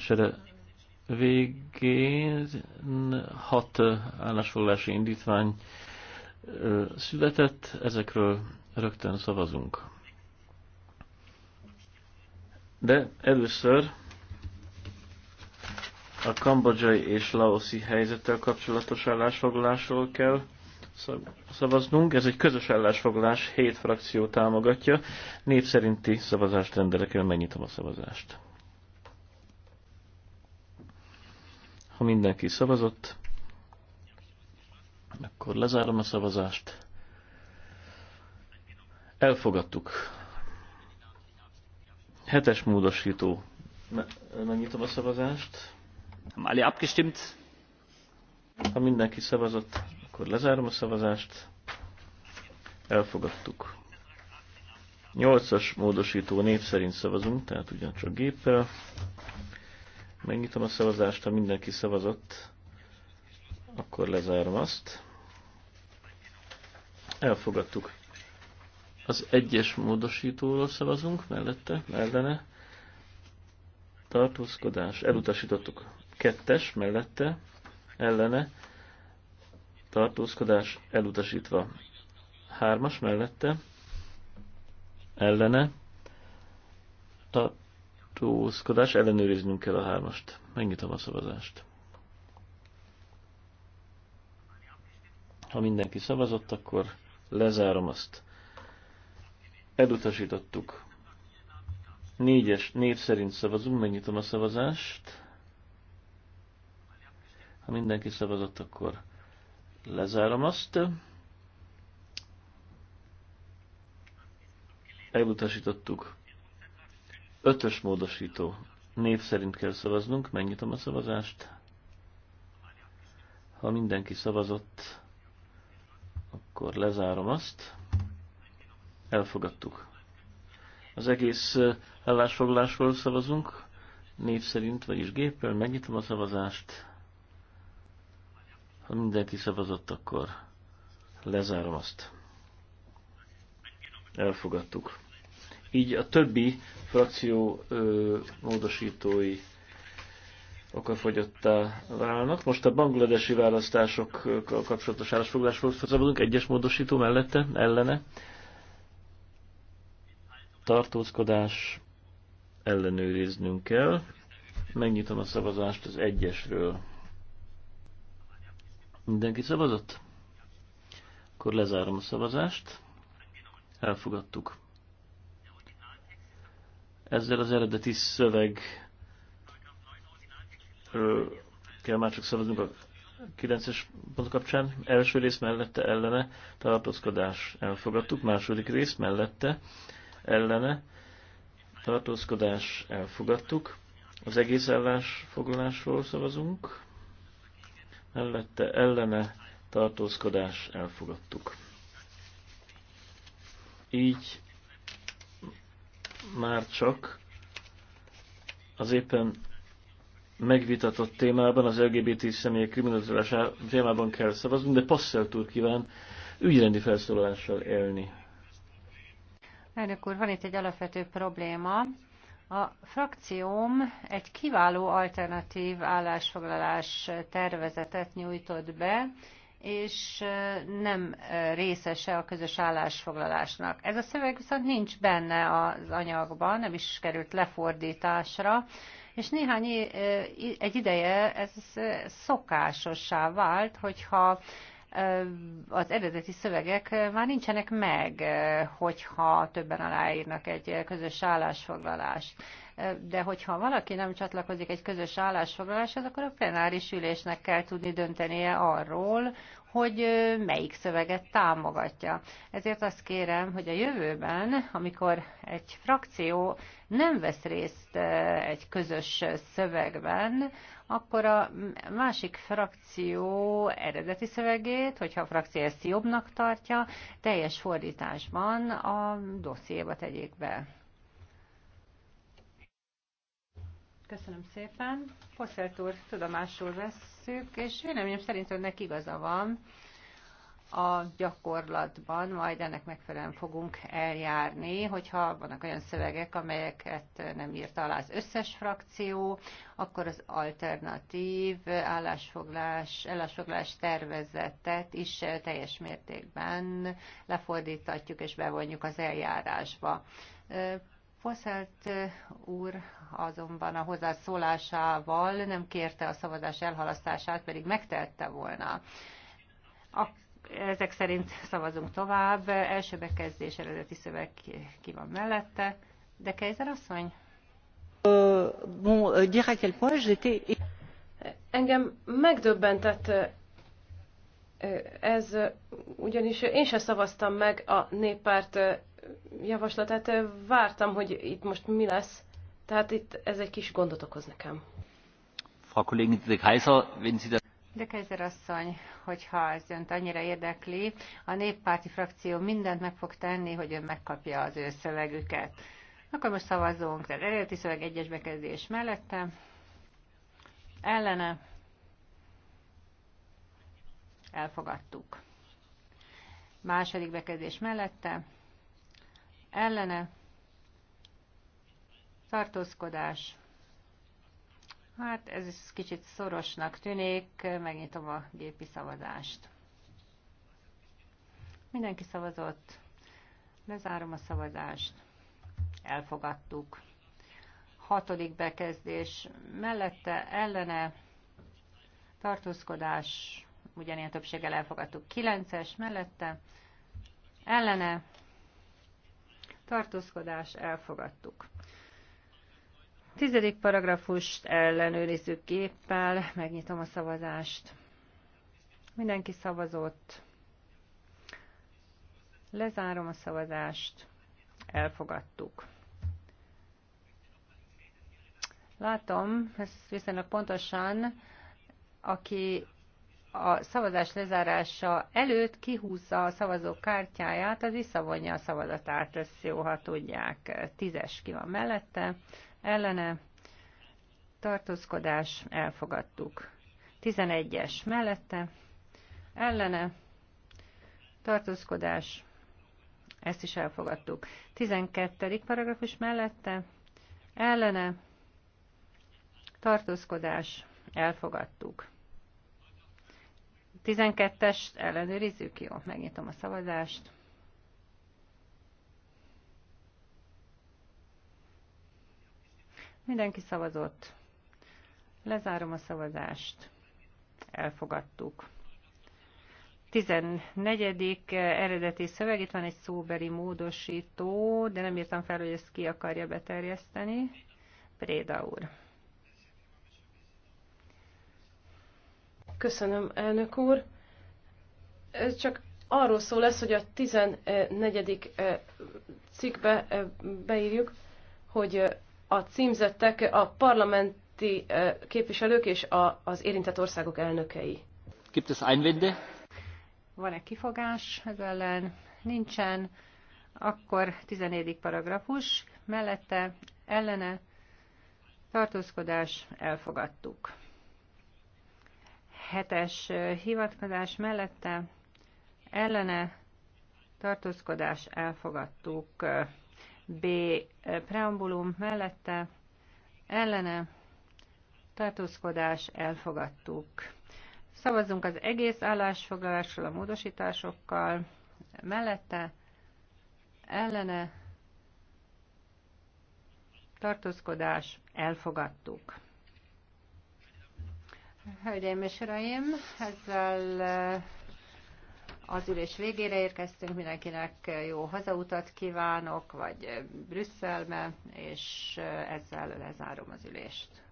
képviselő végén hat állásfoglalási indítvány született, ezekről rögtön szavazunk. De először a kambodzsai és laoszi helyzettel kapcsolatos állásfoglalásról kell szavaznunk. Ez egy közös állásfoglalás, hét frakció támogatja. Népszerinti szavazást rendelek el, megnyitom a szavazást. Ha mindenki szavazott, akkor lezárom a szavazást. Elfogadtuk. Hetes módosító. Megnyitom a szavazást. Alle abgestimmt? Ha mindenki szavazott, akkor lezárom a szavazást. Elfogadtuk. Nyolcas módosító név szerint szavazunk, tehát ugyancsak géppel. Megnyitom a szavazást, ha mindenki szavazott, akkor lezárom azt. Elfogadtuk. Az egyes módosítóról szavazunk, mellette, mellene. Tartózkodás, elutasítottuk. Kettes, mellette, ellene. Tartózkodás, elutasítva. Hármas, mellette, ellene. Tart tartózkodás, ellenőriznünk kell a hármast. Megnyitom a szavazást. Ha mindenki szavazott, akkor lezárom azt. Elutasítottuk. Négyes név szerint szavazunk, megnyitom a szavazást. Ha mindenki szavazott, akkor lezárom azt. Elutasítottuk. Ötös módosító. Név szerint kell szavaznunk. Megnyitom a szavazást. Ha mindenki szavazott, akkor lezárom azt. Elfogadtuk. Az egész állásfoglalásról szavazunk. Név szerint, vagyis géppel. Megnyitom a szavazást. Ha mindenki szavazott, akkor lezárom azt. Elfogadtuk így a többi frakció ö, módosítói okafogyottá válnak. Most a bangladesi választásokkal kapcsolatos állásfoglalásról szabadunk, egyes módosító mellette, ellene. Tartózkodás ellenőriznünk kell. Megnyitom a szavazást az egyesről. Mindenki szavazott? Akkor lezárom a szavazást. Elfogadtuk ezzel az eredeti szöveg kell már csak szavaznunk a 9-es pont kapcsán. Első rész mellette ellene tartózkodás elfogadtuk, második rész mellette ellene tartózkodás elfogadtuk. Az egész foglalásról szavazunk, mellette ellene tartózkodás elfogadtuk. Így már csak az éppen megvitatott témában, az LGBT személyek kriminalizálása témában kell szavazni, de Passzel túl kíván ügyrendi felszólalással élni. Elnök úr, van itt egy alapvető probléma. A frakcióm egy kiváló alternatív állásfoglalás tervezetet nyújtott be, és nem részese a közös állásfoglalásnak. Ez a szöveg viszont nincs benne az anyagban, nem is került lefordításra, és néhány egy ideje ez szokásossá vált, hogyha az eredeti szövegek már nincsenek meg, hogyha többen aláírnak egy közös állásfoglalást de hogyha valaki nem csatlakozik egy közös állásfoglaláshoz, akkor a plenáris ülésnek kell tudni döntenie arról, hogy melyik szöveget támogatja. Ezért azt kérem, hogy a jövőben, amikor egy frakció nem vesz részt egy közös szövegben, akkor a másik frakció eredeti szövegét, hogyha a frakció ezt jobbnak tartja, teljes fordításban a dossziéba tegyék be. Köszönöm szépen. Poszelt úr, tudomásul vesszük, és véleményem szerint önnek igaza van. A gyakorlatban majd ennek megfelelően fogunk eljárni, hogyha vannak olyan szövegek, amelyeket nem írt alá az összes frakció, akkor az alternatív állásfoglás, állásfoglás tervezetet is teljes mértékben lefordítatjuk és bevonjuk az eljárásba. Foszelt úr azonban a hozzászólásával nem kérte a szavazás elhalasztását, pedig megtehette volna. A, ezek szerint szavazunk tovább. Első bekezdés eredeti szöveg ki, ki van mellette. De Kejzer asszony? Uh, bon, uh, dire quel point Engem megdöbbentett ez, ugyanis én sem szavaztam meg a néppárt javaslatát. Vártam, hogy itt most mi lesz. Tehát itt ez egy kis gondot okoz nekem. Frau Kollégin de Kaiser, wenn Sie das de Kaiser asszony, hogyha ez önt annyira érdekli, a néppárti frakció mindent meg fog tenni, hogy ön megkapja az ő szövegüket. Akkor most szavazzunk, tehát eredeti szöveg egyes bekezdés mellette, ellene, elfogadtuk. Második bekezdés mellette, ellene tartózkodás. Hát ez is kicsit szorosnak tűnik, megnyitom a gépi szavazást. Mindenki szavazott. Lezárom a szavazást. Elfogadtuk. Hatodik bekezdés. Mellette ellene tartózkodás. Ugyanilyen többséggel elfogadtuk. Kilences mellette ellene tartózkodás, elfogadtuk. Tizedik paragrafust ellenőrizzük géppel, megnyitom a szavazást. Mindenki szavazott. Lezárom a szavazást. Elfogadtuk. Látom, ez viszonylag pontosan, aki a szavazás lezárása előtt kihúzza a szavazók kártyáját, az visszavonja a szavazatát, ezt jó, ha tudják. Tízes ki van mellette, ellene, tartózkodás, elfogadtuk. Tizenegyes mellette, ellene, tartózkodás, ezt is elfogadtuk. Tizenkettedik paragrafus mellette, ellene, tartózkodás, elfogadtuk. 12-est ellenőrizzük? Jó, megnyitom a szavazást. Mindenki szavazott. Lezárom a szavazást. Elfogadtuk. 14. Eh, eredeti szöveg, itt van egy szóbeli módosító, de nem írtam fel, hogy ezt ki akarja beterjeszteni. Préda úr. Köszönöm, elnök úr. Ez csak arról szó lesz, hogy a 14. Eh, cikkbe eh, beírjuk, hogy eh, a címzettek a parlamenti képviselők és az érintett országok elnökei. Gibt es Einwände? Van-e kifogás ez ellen? Nincsen. Akkor 14. paragrafus, mellette ellene tartózkodás elfogadtuk hetes hivatkozás mellette ellene tartózkodás elfogadtuk. B. Preambulum mellette ellene tartózkodás elfogadtuk. Szavazzunk az egész állásfoglalásról a módosításokkal, mellette, ellene, tartózkodás, elfogadtuk. Hölgyeim és Uraim, ezzel eh, az ülés végére érkeztünk, mindenkinek eh, jó hazautat kívánok, vagy eh, Brüsszelbe, és ezzel lezárom az ülést.